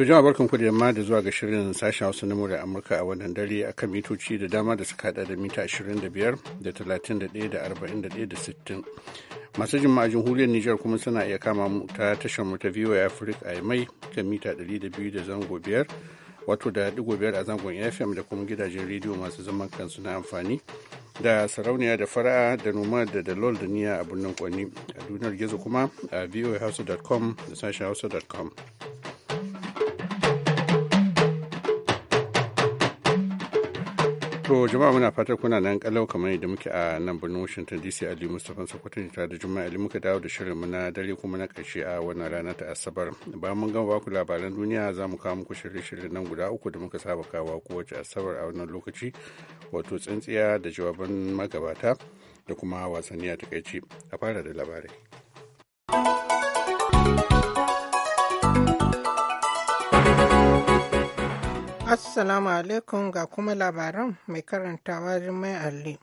To jama'a barkan ku da da zuwa ga shirin sashen Hausa na Murya Amurka a wannan dare a kan mitoci da dama da suka hada da mita 25 da 31 da 41 da 60. Masu jima'a huliyar Nijar kuma suna iya kama mu ta tashar mu ta VOA Africa a mai kan mita 200 da zango biyar wato da digo biyar a zangon FM da kuma gidajen rediyo masu zaman kansu na amfani da sarauniya da fara'a da noma da dalol da niya a birnin kwanni a duniyar gizo kuma a voahausa.com da sashen hausa.com. To jama'a muna fatar kuna nan kalau kamar yadda muke a nan birnin Washington DC Ali Mustapha Sokoto tare da Juma'a Ali muka dawo da shirin mu na dare kuma na karshe a wannan rana ta Asabar. Bayan mun gama baku labaran duniya za mu kawo muku shirye-shirye nan guda uku da muka saba kawo kowace Asabar a wannan lokaci wato tsintsiya da jawaban magabata da kuma wasanni a takaici a fara da labarai. Assalamu alaikum ga kuma labaran mai karantawa mai Alli.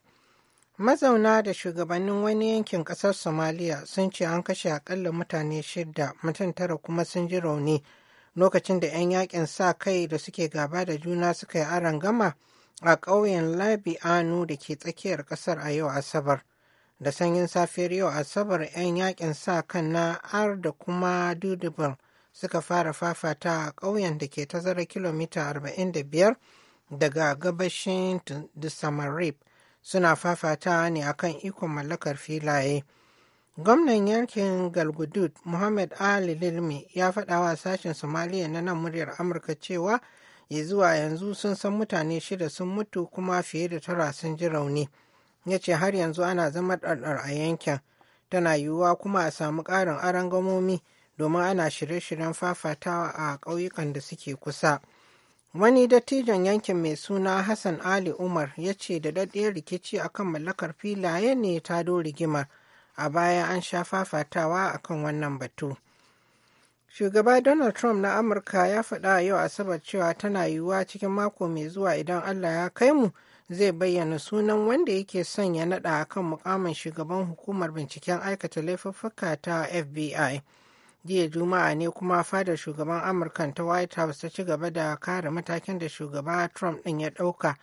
Mazauna da shugabannin wani yankin ƙasar Somalia sun ce an kashe akalla mutane shida, mutum tara kuma sun ji rauni lokacin da 'yan yakin sa kai da suke gaba da juna suka yi aron gama a ƙauyen Labi Anu da ke tsakiyar ƙasar a yau Asabar. Da sanyin safiyar yau Asabar 'yan yakin sa kan na Ar da kuma Dudubar suka fara fafata a ƙauyen da ke tazara kilomita 45 daga gabashin Dusamarib suna fafata ne akan ikon mallakar filaye. Gwamnan yankin Galgudud Muhammad Ali Lilmi ya faɗa wa sashen Somaliya na nan muryar Amurka cewa ya zuwa yanzu sun san mutane shida sun mutu kuma fiye da tara sun ji rauni. Ya ce har yanzu ana zama ɗarɗar a yankin. Tana yiwuwa kuma a samu ƙarin arangamomi gamomi domin ana shirye-shiryen fafatawa a ƙauyukan da suke kusa. Wani dattijon yankin mai suna Hassan Ali Umar ya ce da daɗe rikici akan mallakar filaye ne ta do rigimar a baya an sha fafatawa akan wannan batu. Shugaba Donald Trump na Amurka ya faɗa yau Asabar cewa tana yiwuwa cikin mako mai zuwa idan Allah ya kai mu zai bayyana sunan wanda yake son ya naɗa akan mukamin shugaban hukumar binciken aikata laifuffuka ta FBI. jiya juma'a ne kuma fadar shugaban amurkan ta white house ta ci gaba da kare matakin da shugaba trump ɗin ya ɗauka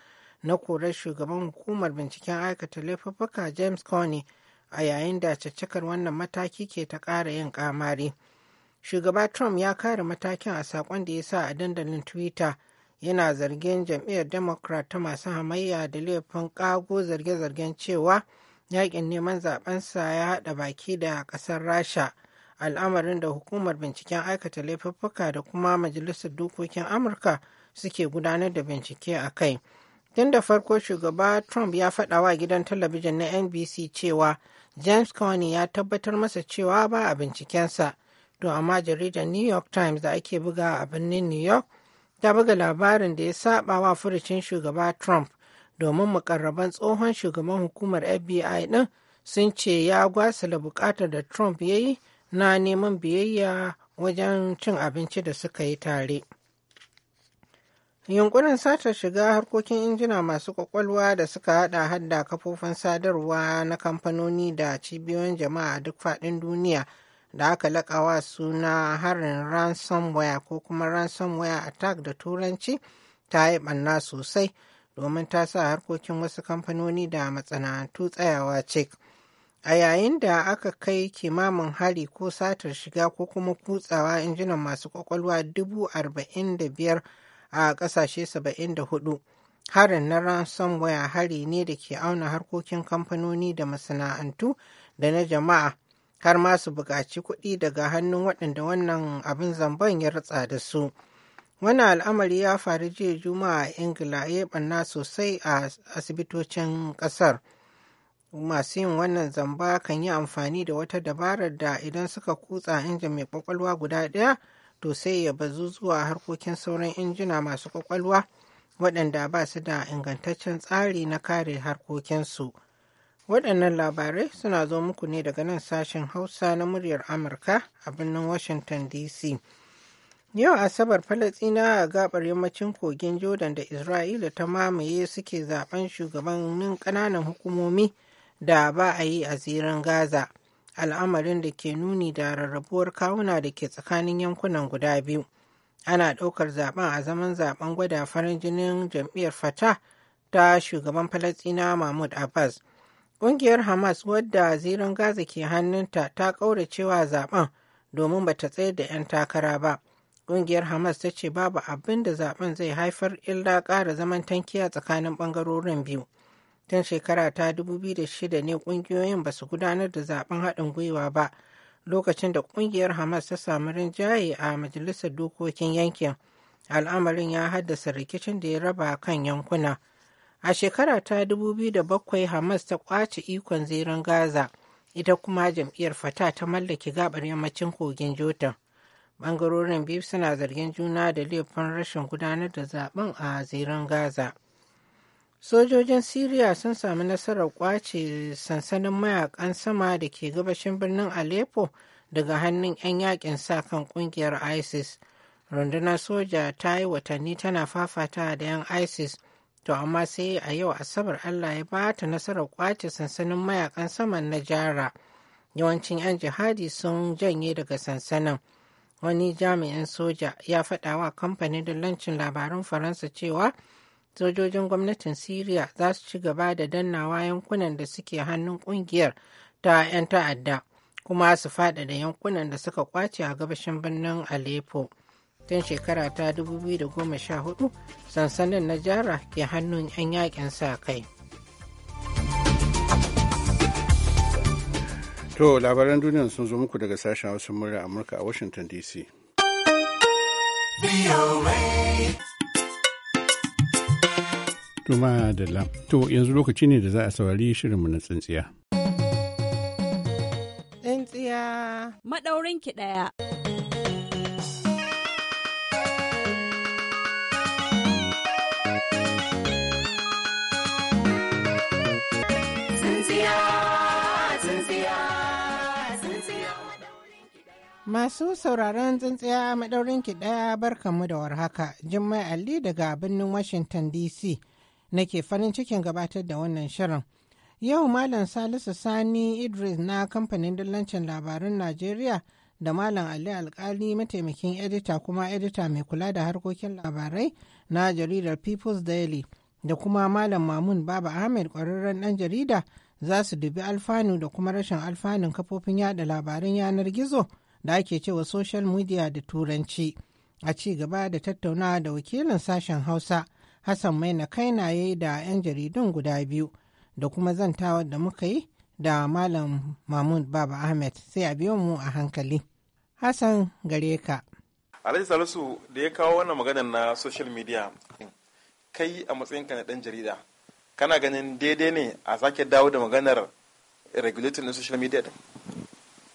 na korar shugaban hukumar binciken aikata laifuffuka james coney a yayin da caccakar wannan mataki ke ta ƙara yin kamari shugaba trump ya kare matakin a sakon da ya sa a dandalin twitter yana zargin jam'iyyar democrat ta masu hamayya da laifin ƙago zarge-zargen cewa yaƙin neman zaɓensa ya haɗa baki da ƙasar rasha al'amarin da hukumar binciken aikata laifuffuka da kuma majalisar dokokin amurka suke gudanar da bincike a kai tun da farko shugaba trump ya faɗa wa gidan talabijin na nbc cewa james Coney ya tabbatar masa cewa ba a bincikensa to amma jaridar new york times da ake buga a birnin new york ta buga labarin da ya saba wa furucin shugaba trump domin mukarraban tsohon shugaban hukumar fbi din sun ce ya gwasala bukatar da trump ya yi na neman biyayya wajen cin abinci da suka yi tare. Yunkurin sata shiga harkokin injina masu kwakwalwa da suka hada hadda kafofin sadarwa na kamfanoni da cibiyoyin jama'a duk faɗin duniya da aka wa suna harin ransomware ko kuma ransomware attack da turanci ta yi ɓanna sosai domin ta sa harkokin wasu kamfanoni da matsana'antu tsayawa cik. a yayin da aka kai kimamin hari ko satar shiga ko kuma kutsawa injinan masu kwakwalwa dubu arba'in da biyar a ƙasashe saba'in da hudu harin na waya hari ne da ke auna harkokin kamfanoni da masana'antu da na jama'a har ma su buƙaci kuɗi daga hannun waɗanda wannan abin zamban ya ratsa da su wannan al'amari ya faru jiya juma'a a ingila ya ɓanna sosai a asibitocin ƙasar. masu yin wannan zamba kan yi amfani da wata dabarar da idan suka kutsa injin mai kwakwalwa guda ɗaya to sai ya bazu zuwa harkokin sauran injina masu kwakwalwa waɗanda ba su da ingantaccen tsari na kare harkokinsu waɗannan labarai suna zo muku ne daga nan sashen hausa na muryar amurka a birnin washington dc yau asabar falasina a gabar yammacin kogin jordan da isra'ila ta mamaye suke zaben shugabannin ƙananan hukumomi da ba a yi a tseren Gaza, al'amarin da ke nuni da rarrabuwar kawuna da ke tsakanin yankunan guda biyu. Ana ɗaukar zaben a zaman zaben gwada farin jinin jam'iyyar Fatah ta shugaban Falasina Mahmud Abbas. Ƙungiyar Hamas wadda zirin Gaza ke hannunta ta ƙauracewa zaben domin ba ta tsayar da 'yan takara ba. Ƙungiyar Hamas ta ce babu abin da zaben zai haifar illa ƙara zaman tankiya tsakanin ɓangarorin biyu. tun shekara ta 2006 ne ƙungiyoyin ba su gudanar da zaben haɗin gwiwa ba lokacin da ƙungiyar hamas ta samu rinjaye a majalisar dokokin yankin al'amarin ya haddasa rikicin da ya raba kan yankuna a shekara ta 2007 hamas ta kwace ikon zirin gaza ita kuma jam'iyyar fata ta mallaki gabar yammacin kogin jota Bangarorin biyu suna zargin juna da laifin rashin gudanar da zaben a zirin gaza sojojin syria sun sami nasarar kwace sansanin mayakan sama da ke gabashin birnin aleppo daga hannun 'yan yakin sa kan kungiyar isis rundunar soja ta yi watanni tana fafata da 'yan isis to amma sai a yau asabar allah ya ba ta nasarar kwace sansanin mayakan sama na jara yawancin 'yan jihadi sun janye daga sansanin wani jami'in soja ya faɗawa kamfanin dillancin labarun faransa cewa sojojin gwamnatin Siriya za su ci gaba da dannawa yankunan da suke hannun kungiyar ta 'yan ta'adda kuma su da yankunan da suka kwace a gabashin birnin Aleppo. Tun shekara ta 2014 sansanin na jara ke hannun 'yan yakin sa kai. To labaran duniya sun zo muku daga sashen hausa murya Amurka a Washington DC. Tuma Lam. To yanzu lokaci ne da za a saurari shirinmu na tsintsiya. Tsintsiya. Maɗaurin ki ɗaya. Masu sauraron tsintsiya maɗaurin ki ɗaya barkanmu da warhaka, Jummai Ali daga birnin Washington DC. nake farin cikin gabatar da wannan shirin. Yau Malam Salisu Sani Idris na kamfanin dillancin labarun Najeriya da Malam Ali Alkali mataimakin edita kuma edita mai kula da harkokin labarai na jaridar People's Daily da kuma Malam Mamun Baba Ahmed ƙwararren ɗan jarida za su dubi alfanu da kuma rashin alfanun kafofin yada labaran yanar gizo da ake cewa social media da turanci a ci gaba da tattaunawa da wakilin sashen Hausa. Hassan mai na kainaye da 'yan jaridun guda biyu da kuma zantawa da muka yi da Malam Mahmud Baba Ahmed sai a biyo mu a hankali. Hassan gare ka. Alhaji Salisu da ya kawo wannan magana na social media kai a matsayinka na ɗan jarida kana ganin daidai ne a sake dawo da maganar regulating na social media din?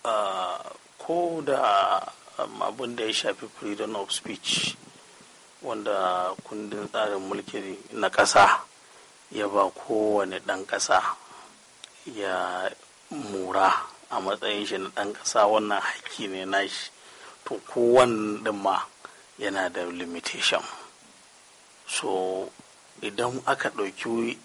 Ah, ko da um, abin da ya shafi freedom of speech wanda kundin tsarin mulki na ƙasa ya ba kowane ɗan ƙasa ya mura a matsayin shi na ɗan ƙasa wannan haƙƙi ne na shi, to kowanne ma yana da limitation so idan aka ɗauki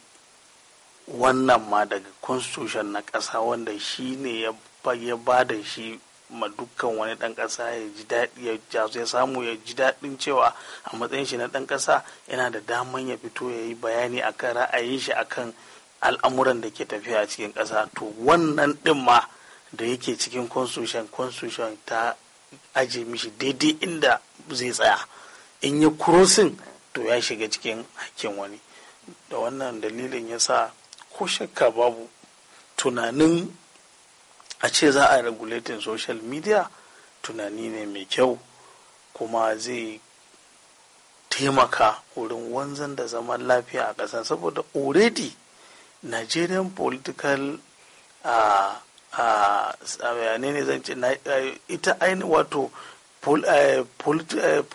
wannan ma daga constitution na ƙasa wanda shi ne ya ba da shi ma dukkan wani dan kasa ya ji daɗi ya ya samu ya ji daɗin cewa a matsayin shi na dan kasa yana da daman ya fito ya yi bayani akan ra'ayin shi akan al'amuran da ke tafiya a cikin ƙasa to wannan ɗin ma da yake cikin constitution constitution ta aje mishi daidai inda zai tsaya in ya kurosin to ya shiga cikin hakkin wani da wannan dalilin ya sa ko shakka babu tunanin a ce za a regulating social media tunani ne mai kyau kuma zai taimaka wurin wanzan da zaman lafiya a ƙasa saboda already nigerian political a bayanai ne zan ce ita ainihin wato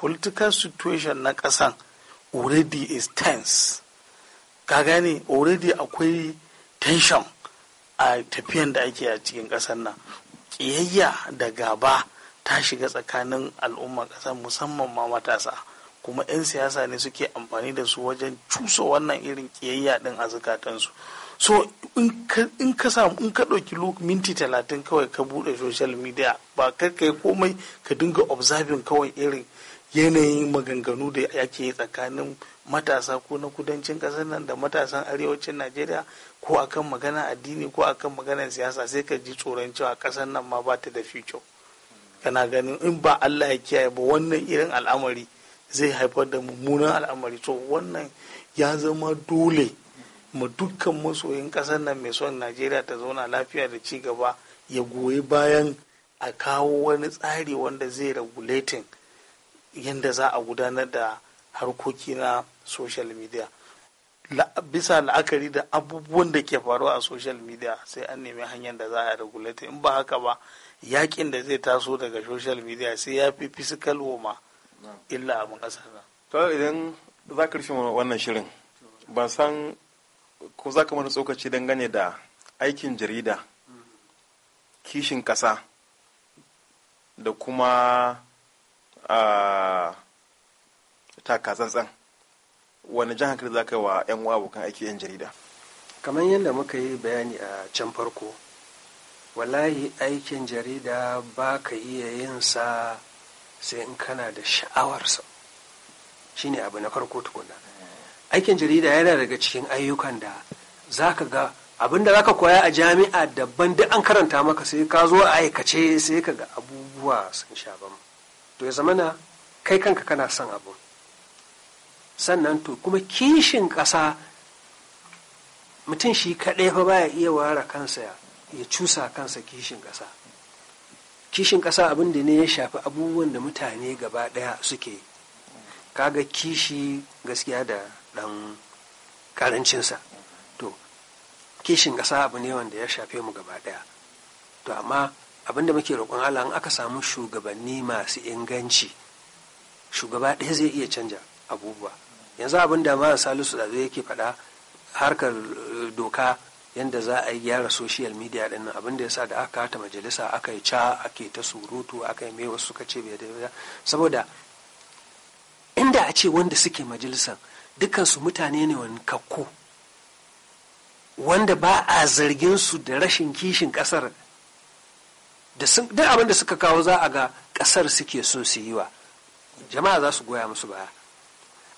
political situation na ƙasan already is tense ka gane already akwai tension a tafiyan da ake a cikin ƙasar nan ƙiyayya da gaba ta shiga tsakanin al'ummar ƙasar musamman ma matasa kuma 'yan siyasa ne suke amfani da su wajen cusa wannan irin ƙiyayya ɗin a zukatansu so in ka samu in ka ɗauki minti talatin kawai ka buɗe social media ba kar komai ka dinga observing kawai irin yanayin maganganu da ya ke tsakanin matasa ko na kudancin ƙasar nan da matasan arewacin najeriya ko akan magana addini ko akan magana siyasa sai ka ji tsoron cewa ƙasar nan ma ba ta da fito kana ganin in ba allah ya kiyaye ba wannan irin al'amari zai haifar da mummunan al'amari to wannan ya zama dole ma dukkan masoyin ƙasar nan mai son najeriya ta zauna lafiya da ci gaba ya goyi bayan a kawo wani tsari wanda zai regulating yadda za a gudanar da harkoki na social media bisa la'akari da abubuwan da ke faruwa a social media sai an nemi hanyar da za a regulate in ba haka ba yakin da zai taso daga social media sai ya fi physical woma illa a ƙasar nan to idan za ka rufe wannan shirin ba san ko za ka mana tsokaci dangane da aikin jarida kishin ƙasa da kuma taka tsantsan wani jan hankali za ka yi wa 'yan uwa abokan aiki 'yan jarida kamar yadda muka yi bayani a can farko wallahi aikin jarida ba ka iya yin sa sai in kana da sha'awarsa shine abu na farko tukuna aikin jarida yana daga cikin ayyukan da za ka ga abin da za ka koya a jami'a daban duk an karanta maka sai ka zo a aikace sai ka ga abubuwa sun sha bamban to ya zamana kai kanka kana son abu sannan to kuma kishin ƙasa mutum shi kaɗai fa baya iya ware kansa ya cusa kansa kishin ƙasa kishin ƙasa abin da ne ya shafi abubuwan da mutane gaba ɗaya suke kaga kishi gaskiya da ɗan ƙarancinsa to kishin ƙasa abu ne wanda ya shafe mu gaba ɗaya to amma abinda muke roƙon Allah in aka samu shugabanni masu inganci shugaba ɗaya zai iya canja abubuwa yanzu abin da mara salisu da zai yake faɗa harkar eh, doka yadda za a yi gyara social media ɗin abin da ya sa da aka ta majalisa aka yi ca ake ta surutu aka yi mewa suka ce bai da saboda inda a ce wanda suke majalisan dukkan su mutane ne wani kakko wanda ba a zargin su da rashin kishin ƙasar. da duk abin da suka kawo za a ga kasar suke so su yi wa jama'a za su goya musu baya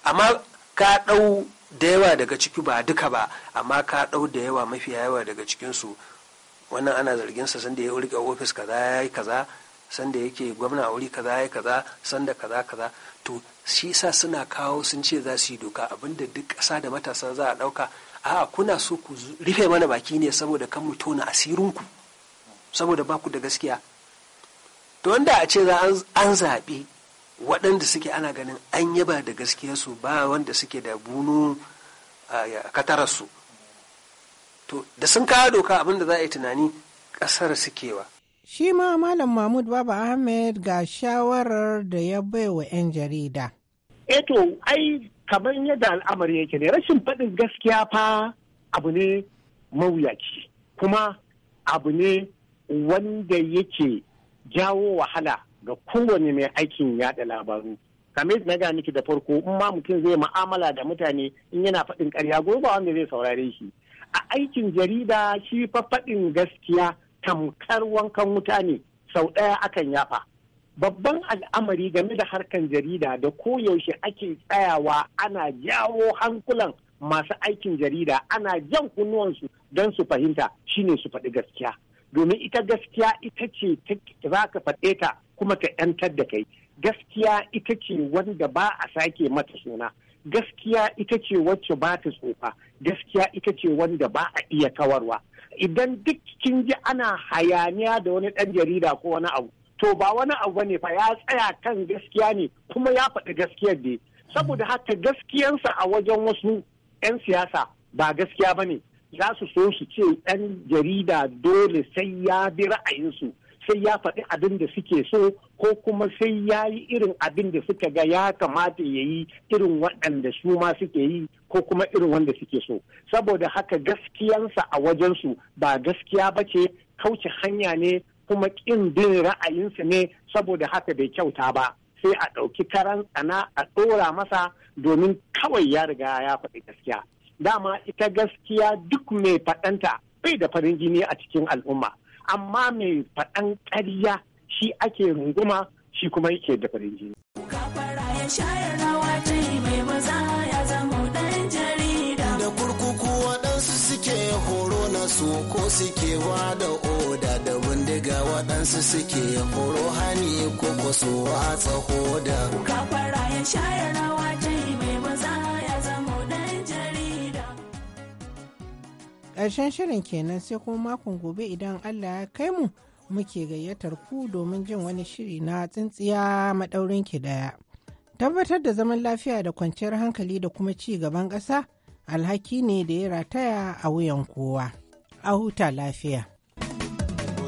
amma ka ɗau da yawa daga ciki ba duka ba amma ka ɗau da yawa mafi yawa daga cikinsu wannan ana zargin sa sanda ya rike ofis kaza ya yi kaza sanda yake gwamna wuri kaza ya yi kaza sanda kaza kaza to shi sa suna kawo sun ce za su yi doka abinda duk ƙasa da matasa za a ɗauka a kuna so ku rufe mana baki ne saboda kan mu tona asirinku ku saboda baku da gaskiya to wanda a ce za an zaɓi waɗanda suke ana ganin an yaba da gaskiyarsu ba wanda suke da bunu a katararsu to da sun kawo doka abinda za a yi tunani ƙasar sukewa shi ma malam mahmud baba ahmed ga shawarar da ya baiwa 'yan jarida eto eh ai kamar yadda al'amari yake ne rashin faɗin gaskiya fa abu ne mawuyaci kuma abu ne wanda yake jawo wahala ga kowane mai aikin yada labaru kamar na ga miki da farko in ma mutum zai ma'amala da mutane in yana faɗin karya, gobe wanda zai saurare shi a aikin jarida shi fa faɗin gaskiya tamkar wankan mutane sau ɗaya akan yafa babban al'amari game da harkan jarida da koyaushe ake tsayawa ana jawo hankulan masu aikin jarida ana jan kunnuwansu don su fahimta shine su faɗi gaskiya domin ita gaskiya ita ce za ka faɗe ta kuma ta 'yantar da kai gaskiya ita ce wanda ba a sake mata suna gaskiya ita ce wacce ba ta tsufa gaskiya ita ce wanda ba a iya kawarwa idan duk kin ji ana hayaniya da wani ɗan jarida ko wani abu to ba wani abu ne fa ya tsaya kan gaskiya ne kuma ya faɗi gaskiyar da saboda haka gaskiyarsa a wajen wasu 'yan siyasa ba gaskiya ba ne. za su so su ce ɗan jarida dole sai ya bi ra'ayinsu sai ya faɗi abin da suke so ko kuma sai ya yi irin abin da suka ga ya kamata ya yi irin waɗanda su ma suke yi ko kuma irin wanda suke so saboda haka gaskiyansa a wajensu ba gaskiya ba ce kauce hanya ne kuma ƙin bin ra'ayinsa ne saboda haka bai kyauta ba sai a ɗauki karan tsana a ɗora masa domin kawai ya riga ya faɗi gaskiya dama ita gaskiya duk mai faɗanta bai da farin jini a cikin al'umma amma mai faɗan ƙarya shi ake runguma shi kuma yake da farin jini. Da kurkuku waɗansu suke horo na su ko suke wa da oda da bindiga waɗansu suke horo hani ko ko su watsa hoda. Kafara ya shayar rawa ta ƙarshen shirin kenan sai kuma makon gobe idan allah ya kai mu muke gayyatar ku domin jin wani shiri na tsintsiya maɗaurin ki daya. tabbatar da zaman lafiya da kwanciyar hankali da kuma ci gaban ƙasa alhaki ne da ya rataya a wuyan kowa a huta lafiya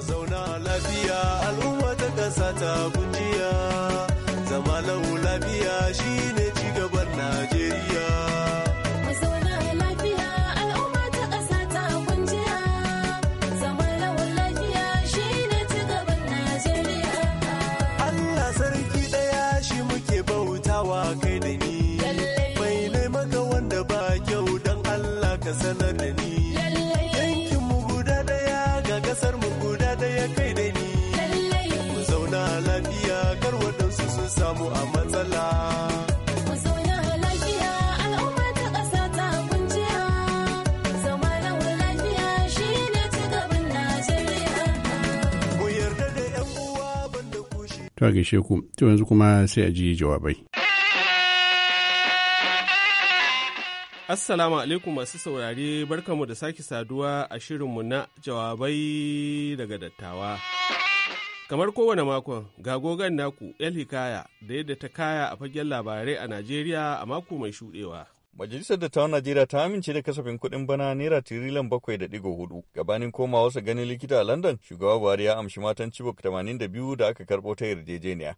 zauna lafiya al'umma ta ta ta gaishe ku to yanzu kuma sai a ji jawabai Assalamu alaikum masu saurare barkamu da sake saduwa a shirinmu na jawabai daga dattawa. Kamar kowane makon, ga gogon naku El Hikaya da yadda ta kaya a fagen labarai a Najeriya a mako mai shuɗewa. Majalisar Dattawan Najeriya ta amince da kasafin kuɗin bana naira tiriliyan bakwai da ɗigo hudu. Gabanin komawa wasu ganin likita a London, shugaba Buhari ya amshi matan Chibok 82 da aka karɓo ta yarjejeniya.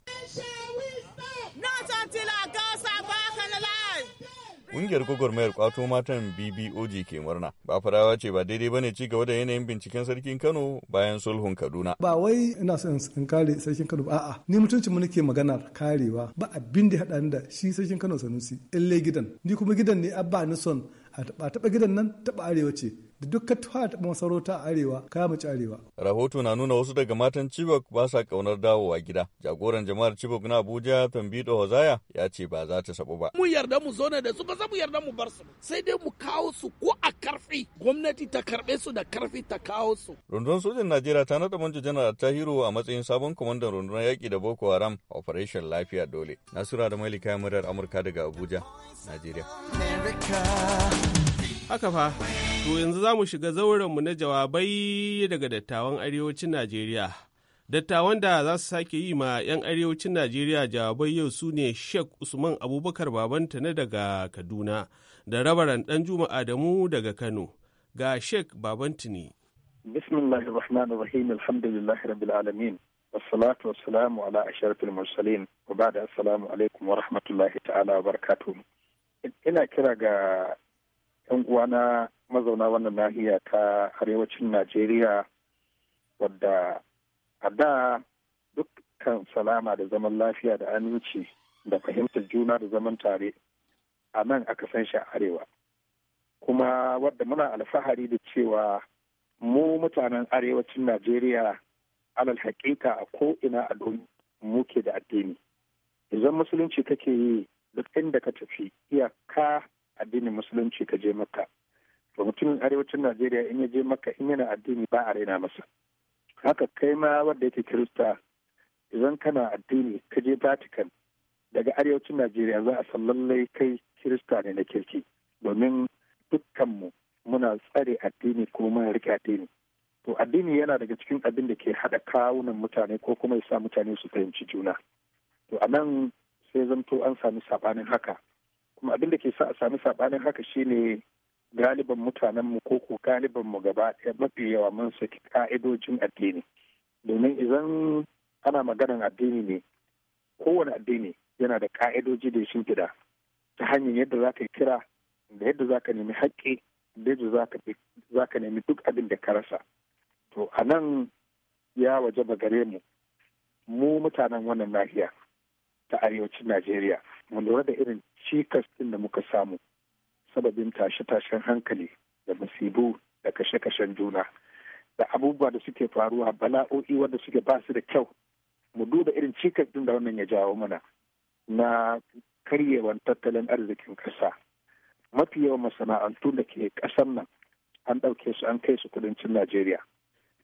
Ƙungiyar gwagwarmayar kwato matan BBOG ke murna. Ba farawa ce ba daidai bane ci gaba da yanayin binciken sarkin Kano bayan sulhun Kaduna. Ba wai ina son in kare sarkin Kano a'a ni mutuncin mu nake magana karewa ba abin da haɗa da shi sarkin Kano Sanusi. illai gidan ni kuma gidan ne abba ni son a taɓa gidan nan taɓa arewa ce duk ka tafi masarauta arewa ka mace arewa. Rahoto na nuna wasu daga matan Chibok ba sa kaunar dawowa gida. Jagoran jama'ar Chibok na Abuja Tambido Hozaya ya ce ba za ta sabu ba. Mu yarda mu zo ne da su ba za mu yarda mu bar su sai dai mu kawo su ko a karfi gwamnati ta karɓe su da karfi ta kawo su. Rundunar sojan Najeriya ta naɗa manja janar Tahiru a matsayin sabon kwamandan rundunar yaƙi da Boko Haram Operation Lafiya Dole. Nasura da likayen Murar Amurka daga Abuja, Najeriya. Haka fa, to yanzu za mu shiga mu na jawabai daga dattawan arewacin Najeriya. Dattawan da za su sake yi ma 'yan arewacin Najeriya jawabai yau su ne Sheikh Usman Abubakar Babanta na daga Kaduna da rabaran dan Juma'a adamu daga Kano. Ga Sheikh ne. Bismillahir Rahmanir Rahim Alhamdulillahi Rabbil Alamin. Wassalatu wassalamu ala asharfil mursalin wa ba'da assalamu alaikum wa rahmatullahi ta'ala wa barakatuh. Ina kira ga 'yan uwana mazauna wannan nahiya ta arewacin najeriya wadda a da dukkan salama da zaman lafiya da aminci da fahimtar juna da zaman tare a nan aka san shi a arewa kuma wadda muna alfahari da cewa mu mutanen arewacin najeriya alal hakika a ko'ina a duniya muke da addini idan musulunci kake yi duk inda ka tafi iyaka addinin musulunci ka je maka to mutumin arewacin najeriya in ya je maka in yana addini ba a raina masa haka kai ma wanda yake kirista idan kana addini ka je vatican daga arewacin najeriya za a san lallai kai kirista ne na kirki domin dukkanmu muna tsare addini kuma muna rike addini to addini yana daga cikin abin da ke haɗa kawunan mutane ko kuma ya sa mutane su fahimci juna to a nan sai zanto an sami saɓanin haka abin da ke sa a sami saɓanin haka shine galiban mutanen mu ko galiban mu gaba ɗaya mafi yawa mun saki ka'idojin addini domin idan ana maganan addini ne kowane addini yana da ka'idoji da shi gida ta hanyar yadda za ka yi kira da yadda za ka nemi haƙƙi da yadda za ka nemi duk abin da ka rasa to a nan ya waje gare mu mu mutanen wannan nahiya ta arewacin najeriya mu lura da irin cikas ɗin da muka samu sababin tashe-tashen hankali da masibu da kashe-kashen juna da abubuwa da suke faruwa bala'o'i wanda suke ba su da kyau mu duba irin cikas ɗin da wannan ya jawo mana na karyewan tattalin arzikin ƙasa mafi yawan masana'antu da ke ƙasar nan an ɗauke su an kai su kudancin najeriya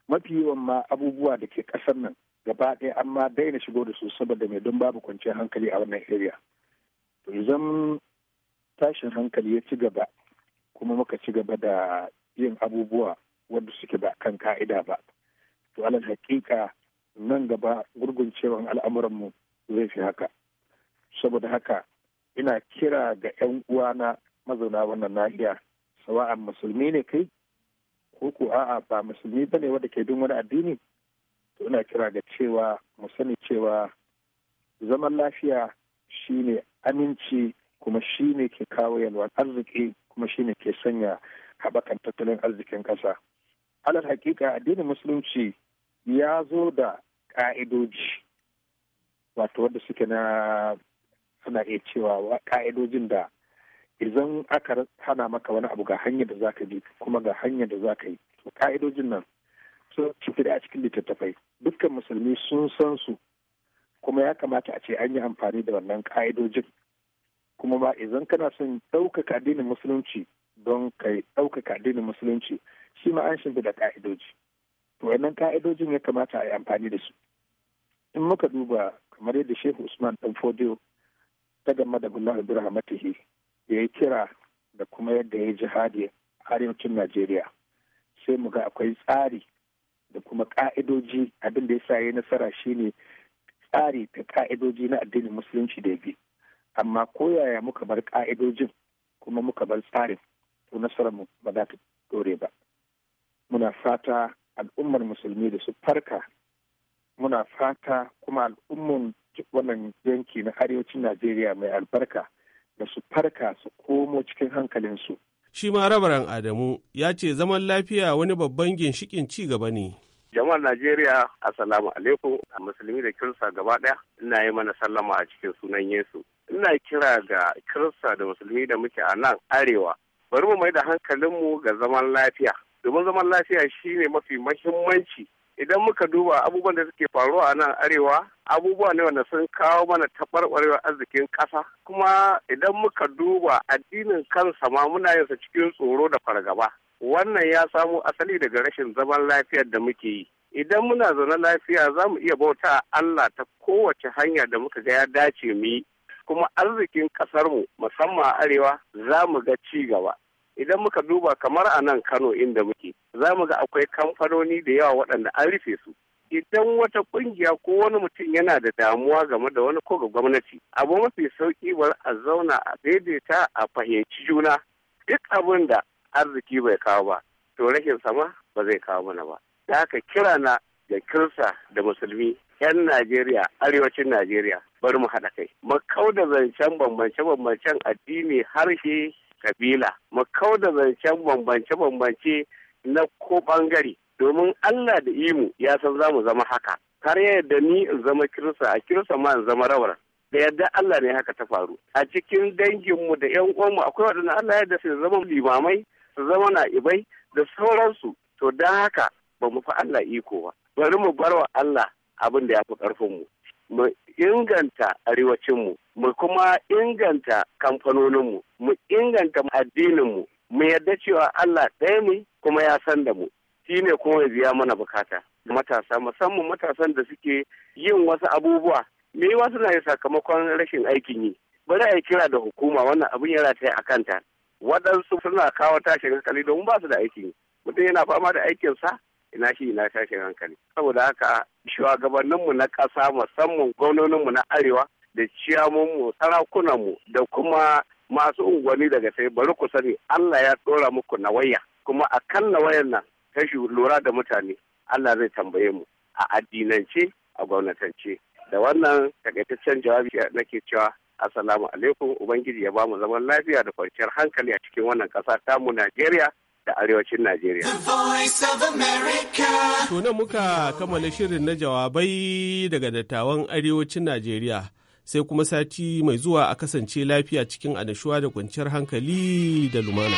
mafi yawan ma abubuwa da ke ƙasar nan gaba ɗaya an ma daina shigo da su saboda mai don babu kwanciyar hankali a wannan area to idan tashin hankali ya ci gaba kuma muka ci gaba da yin abubuwa wadda suke ba kan ka'ida ba to alal hakika nan gaba gurguncewan al'amuranmu zai fi haka saboda haka ina kira ga 'yan uwa na mazauna wannan nahiya sawa'an musulmi ne kai ko ko a'a ba musulmi bane wanda ke bin wani addini to ina kira ga cewa mu sani cewa zaman lafiya shine aminci kuma shi ne ke kawo yalwar arziki kuma shi ne ke sanya haɓakan tattalin arzikin ƙasa. Alal hakika addinin musulunci ya zo da ƙa'idoji wato wanda suke na suna iya cewa ƙa'idojin da idan aka hana maka wani abu ga hanyar da zaka bi kuma ga hanyar da zaka yi ƙa'idojin nan sun fi da a cikin littattafai dukkan musulmi sun san su kuma ya kamata a ce an yi amfani da wannan ka'idojin kuma ba idan kana son ɗaukaka addinin musulunci don kai ɗaukaka addinin musulunci shi ma an shimfiɗa ka'idoji to wannan ka'idojin ya kamata a yi amfani da su in muka duba kamar yadda shehu usman dan fodiyo ta gama da bullahu bi ya yi kira da kuma yadda ya yi jihadi arewacin najeriya sai mu ga akwai tsari da kuma ka'idoji abin da ya sa ya nasara shine tsari da ka'idoji na addinin musulunci da ya bi amma koyaya muka bar ka'idojin kuma muka bar tsarin ko nasarar mu ba za ta dore ba muna fata al'ummar musulmi da su farka muna fata kuma al'ummar wannan yanki na arewacin najeriya mai albarka da su farka su komo cikin hankalinsu shi ma rabaran adamu ya ce zaman lafiya wani babban ginshikin ci gaba ne jama'ar najeriya assalamu alaikum musulmi da kirista gaba ɗaya ina yi mana sallama a cikin sunan yesu ina kira ga kirista da musulmi da muke a nan arewa bari mu mai da hankalinmu ga zaman lafiya domin zaman lafiya shine mafi mahimmanci idan muka duba abubuwan da suke faruwa a nan arewa abubuwa ne wanda sun kawo mana taɓarɓarewar arzikin ƙasa kuma idan muka duba addinin kansa ma muna yinsa cikin tsoro da fargaba wannan ya samo asali daga rashin zaman lafiyar da muke yi idan muna zaune lafiya za mu iya bauta Allah ta kowace hanya da muka ga ya dace mu yi kuma arzikin ƙasarmu musamman a arewa za mu ga ci gaba idan muka duba kamar a nan kano inda muke za mu ga akwai kamfanoni da yawa waɗanda an rufe su idan wata ƙungiya ko wani mutum yana da damuwa game da wani ko ga gwamnati abu mafi sauki bari a zauna a daidaita a fahimci juna duk abin da arziki bai kawo ba to rashin sama ba zai kawo mana ba da haka kira na da kirsa da musulmi 'yan Najeriya, arewacin Najeriya, bari mu haɗa kai. Mu da zancen bambance-bambancen addini, harshe, kabila. Mu da zancen bambance-bambance na ko ɓangare. Domin Allah da imu ya san za mu zama haka. Har yadda ni in zama kirsa, a kirsa ma in zama rawar. Da yadda Allah ne haka ta faru. A cikin danginmu da 'yan uwanmu akwai waɗanda Allah ya yadda su zama limamai, su zama na ibai da sauransu to don haka ba mu fi Allah iko ba bari mu bar wa Allah abin da ya fi ƙarfinmu mu inganta arewacinmu mu kuma inganta kamfanoninmu mu inganta addininmu mu yadda cewa Allah ɗaya ne kuma ya san da mu shi ne kuma ya biya mana bukata matasa musamman matasan da suke yin wasu abubuwa me wasu na sakamakon rashin aikin yi bari a kira da hukuma wannan abin ya rataya a kanta waɗansu suna kawo tashin hankali domin ba su da aikin mutum yana fama da aikinsa ina shi ina tashin hankali saboda haka shugabanninmu na ƙasa musamman gwamnoninmu na arewa da ciyamunmu sarakunanmu da kuma masu unguwanni daga sai bari ku sani Allah ya ɗora muku nawaya kuma a kan nawayan nan ta lura da mutane Allah zai tambaye mu a addinance a gwamnatance da wannan takaitaccen jawabi nake cewa assalamu alaikum ubangiji ya ba mu zaman lafiya da kwanciyar hankali a cikin wannan ƙasa tamu najeriya da arewacin najeriya to nan muka kammala shirin na jawabai daga dattawan arewacin najeriya sai kuma sati mai zuwa a kasance lafiya cikin adashuwa da kwanciyar hankali da lumana.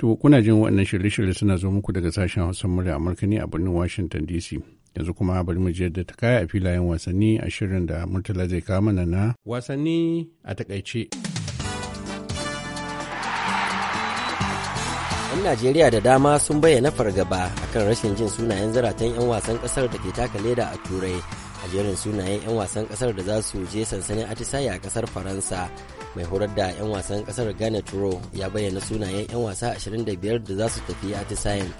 To kuna jin waɗannan shirye-shirye suna zo muku daga sashen Hausa murya Amurka ne a birnin Washington DC. yanzu kuma bari mu je da ta kaya a filayen wasanni a shirin da murtala zai kawo mana na wasanni a takaice. yan najeriya da dama sun bayyana fargaba akan rashin jin sunayen zaratan 'yan wasan kasar da ke taka leda a turai a jerin sunayen 'yan wasan kasar da za su je sansanin atisaye a kasar faransa mai horar da 'yan wasan kasar ghana turo ya bayyana sunayen 'yan wasa 25 da za su tafi atisayen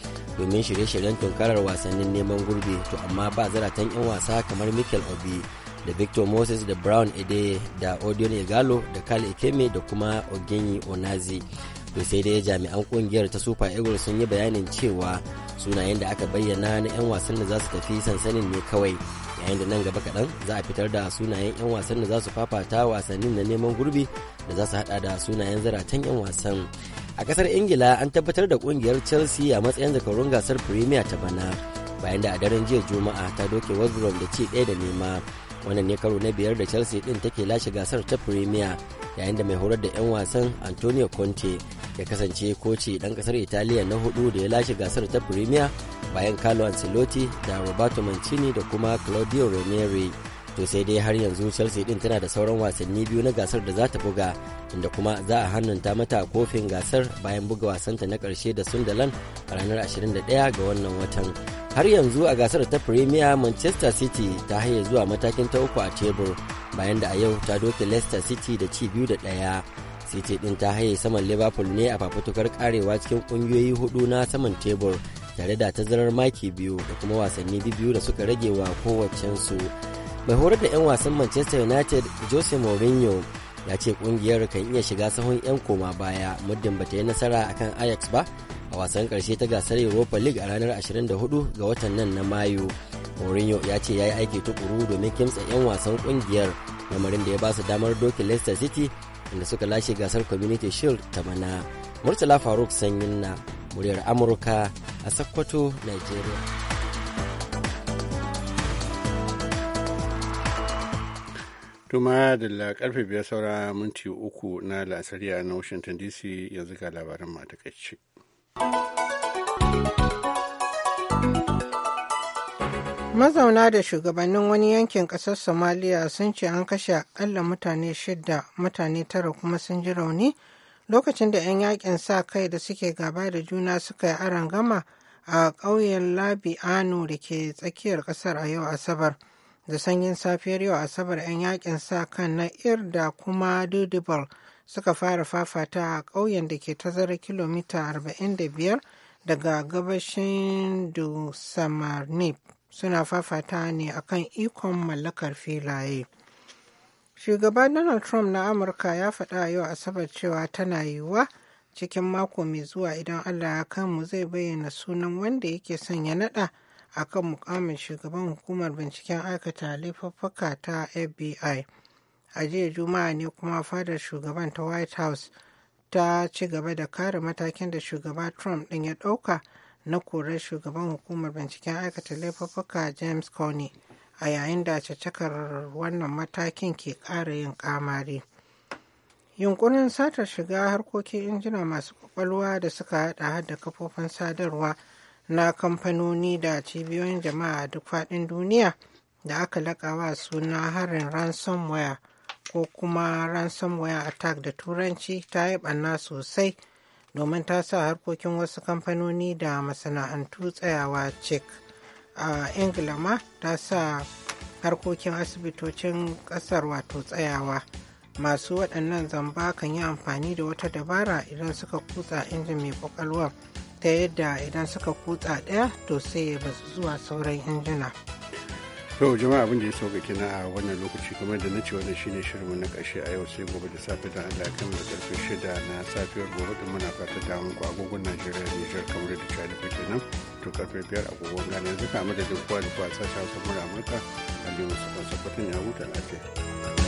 domin shirye-shiryen tunkarar wasannin neman gurbi to amma ba zaratan 'yan wasa kamar michael obi da victor moses da brown edeye da odion igalo da kal ikeme da kuma ogenyi onazi to sai dai jami'an kungiyar ta super eagles sun yi bayanin cewa sunayen da aka bayyana na 'yan wasan da za su tafi sansanin ne kawai yayin da nan gaba kaɗan za a fitar da sunayen 'yan wasan da za su fafata wasannin na neman gurbi da za su hada da sunayen zaratan 'yan wasan a kasar ingila an tabbatar da kungiyar chelsea a matsayin zakarun gasar premier ta bana bayan da a daren jiya juma'a ta doke west da ci ɗaya da nema wannan ne karo na biyar da chelsea din take lashe gasar ta premier yayin da mai horar da 'yan wasan antonio conte ya kasance koci ɗan kasar italiya na hudu da ya lashe gasar ta premier bayan carlo ancelotti da roberto mancini da kuma claudio ranieri to sai dai har yanzu chelsea din tana da sauran wasanni biyu na gasar da za ta buga inda kuma za a hannunta mata kofin gasar bayan buga wasanta na karshe da sundalan a ranar 21 ga wannan watan har yanzu a gasar ta premier manchester city ta haye zuwa matakin ta uku a tebur bayan da a yau ta doke leicester city da ci biyu da ɗaya city din ta haye saman liverpool ne a fafutukar karewa cikin kungiyoyi hudu na saman tebur tare da tazarar maki biyu da kuma wasanni biyu da suka rage wa kowacensu su mai horar da 'yan wasan manchester united jose mourinho ya ce kungiyar kan iya shiga sahun 'yan koma baya muddin bata yi nasara akan ajax ba a wasan karshe ta gasar europa league a ranar 24 ga watan nan na mayu mourinho ya ce ya yi aiki tukuru domin kimtsa 'yan wasan kungiyar lamarin da ya ba su damar doki leicester city inda suka lashe gasar community shield ta bana murtala faruk sanyin na muryar amurka a sokoto nigeria Tuma da karfe biyar saura minti uku na lasariya na Washington DC yanzu ga labaran matakaici. Mazauna da shugabannin wani yankin ƙasar Somalia sun ce an kashe akalla mutane shida mutane tara kuma sun ji rauni lokacin da 'yan yakin sa kai da suke gaba da juna suka yi arangama gama a ƙauyen labi ano da ke tsakiyar ƙasar a yau asabar da sanyin safiyar yau asabar 'yan yakin sa kan na ir da kuma dudubal suka fara fafata a ƙauyen da ke tazara kilomita 45 daga gabashin dusamarnib suna fafata ne akan ikon mallakar filaye shugaba donald trump na amurka ya faɗa yau asabar cewa tana yiwuwa cikin mako mai zuwa idan allah ya kanmu zai bayyana sunan wanda yake son ya naɗa a kan mukamin shugaban hukumar binciken aikata laifuffuka ta fbi a jiya juma'a ne kuma fadar shugaban ta white house ta ci gaba da kare matakin da shugaba trump din ya dauka na korar shugaban hukumar binciken aikata laifuffuka james coney a yayin da cacakar wannan matakin ke ƙara yin kamari yunkurin satar shiga harkokin injina masu kwakwalwa da suka hada da kafofin sadarwa na kamfanoni da cibiyoyin jama'a duk faɗin duniya da aka laƙawa suna harin ransomware ko kuma ransomware attack da turanci ta yi ɓanna sosai domin ta sa harkokin wasu kamfanoni da masana'antu tsayawa cik a ingila ma ta sa harkokin asibitocin ƙasar wato tsayawa masu waɗannan zamba kan yi amfani da wata dabara idan suka kutsa injin mai ƙwaƙwalwar ta yadda idan suka kutsa daya to sai ya basu zuwa sauran injina. to jama'a abin da ya sauka na a wannan lokaci kamar da na ce wannan shine shirin na ƙarshe a yau sai gobe da safe da Allah ya kama da karfe shida na safiyar gobe din muna fata da mu agogon Najeriya da Nijar kamar da ta da kenan to karfe biyar agogon gane yanzu kama da duk kowa da kowa sashen Hausa mura Amurka Aliyu sabbatin ya huta lafiya.